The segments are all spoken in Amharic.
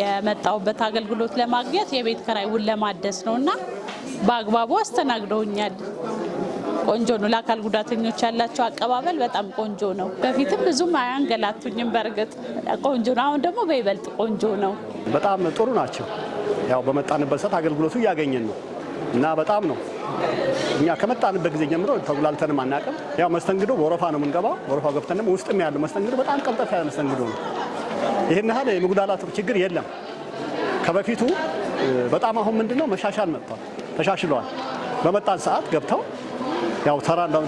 የመጣውበት አገልግሎት ለማግኘት የቤት ውል ለማደስ ነው እና በአግባቡ አስተናግደውኛል። ቆንጆ ነው። ለአካል ጉዳተኞች ያላቸው አቀባበል በጣም ቆንጆ ነው። በፊትም ብዙም አያንገላቱኝም። በእርግጥ ቆንጆ ነው። አሁን ደግሞ በይበልጥ ቆንጆ ነው። በጣም ጥሩ ናቸው። ያው በመጣንበት ሰዓት አገልግሎቱ እያገኘን ነው እና በጣም ነው። እኛ ከመጣንበት ጊዜ ጀምሮ ተጉላልተንም አናውቅም። ያው መስተንግዶ በወረፋ ነው የምንገባው። ወረፋ ገብተንም ውስጥም ያለው መስተንግዶ በጣም ቀልጠፍ ያለ መስተንግዶ ነው። ይህን ያህል የመጉላላት ችግር የለም። ከበፊቱ በጣም አሁን ምንድነው መሻሻል መጥቷል፣ ተሻሽለዋል። በመጣን ሰዓት ገብተው ያው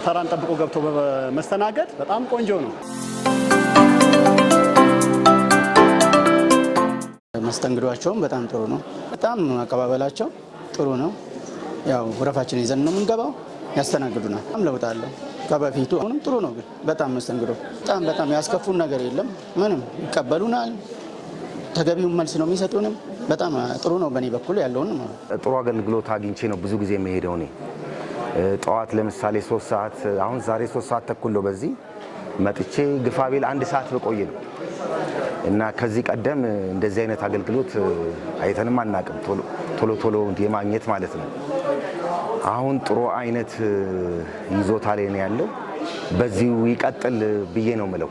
ተራን ጠብቆ ገብተው በመስተናገድ በጣም ቆንጆ ነው። መስተንግዷቸውም በጣም ጥሩ ነው። በጣም አቀባበላቸው ጥሩ ነው። ያው ወረፋችን ይዘን ነው የምንገባው፣ ያስተናግዱናል። በጣም ለውጥ አለው። ከበፊቱ አሁንም ጥሩ ነው። ግን በጣም መስተንግዶ በጣም በጣም ያስከፉን ነገር የለም። ምንም ይቀበሉናል። ተገቢውን መልስ ነው የሚሰጡንም። በጣም ጥሩ ነው። በእኔ በኩል ያለውን ጥሩ አገልግሎት አግኝቼ ነው ብዙ ጊዜ የምሄደው እኔ ጠዋት ለምሳሌ ሶስት ሰዓት አሁን ዛሬ ሶስት ሰዓት ተኩል ነው በዚህ መጥቼ ግፋቤል አንድ ሰዓት በቆየ ነው እና ከዚህ ቀደም እንደዚህ አይነት አገልግሎት አይተንም አናቅም። ቶሎ ቶሎ የማግኘት ማለት ነው አሁን ጥሩ አይነት ይዞታ ላይ ነው ያለው። በዚሁ ይቀጥል ብዬ ነው ምለው።